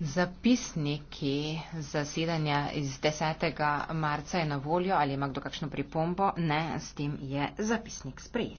Zapisniki zasedanja iz 10. marca je na voljo. Ali ima kdo kakšno pripombo? Ne, s tem je zapisnik sprejet.